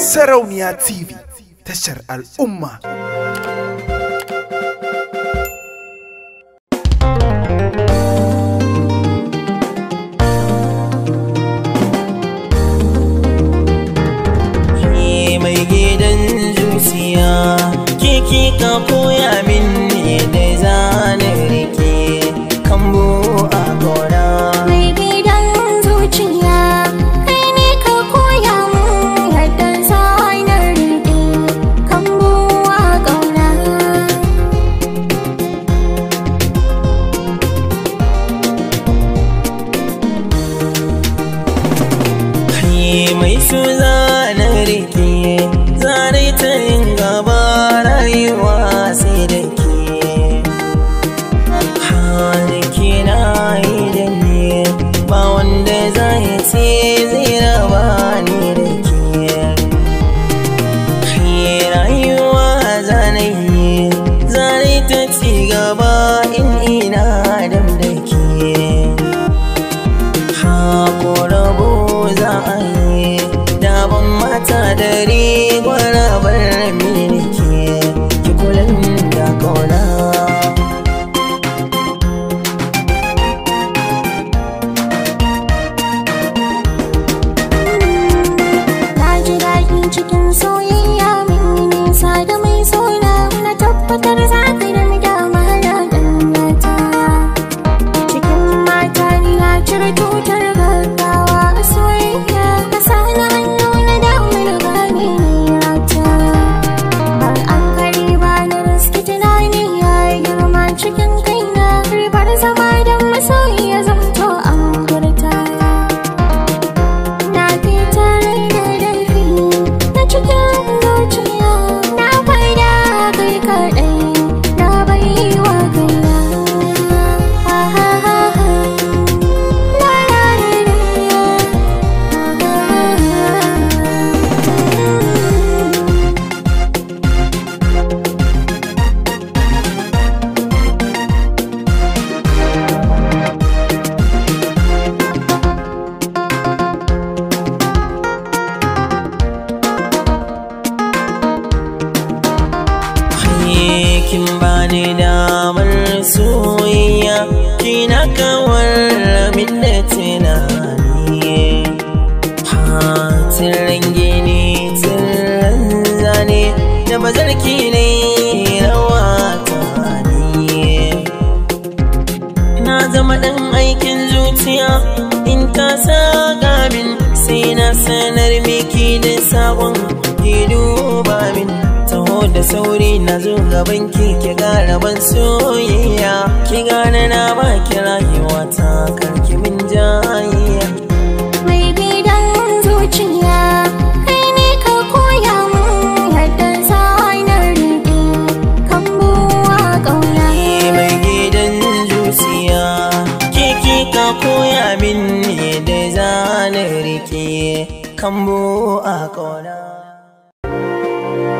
Sarauniya TV tashar al'umma. mai gidan zuciya kiki ka koya issues ta dare kin bani damar soyayya kina kawar min da tunani hatirin gini tsirin zane da bazarki ne rawata ni. na zama ɗan aikin zuciya in ka saka min, sai na sanar miki da sabon da sauri na zo gaban ki ki gara ban soyayya ki gane na ba ki rayuwa ta karki min jayayya mai gidan zuciya kai ne ka koya mun yadda sanar rike kan buwa kauna eh, mai gidan zuciya ke ki ka koya min yadda zan rike kan buwa kauna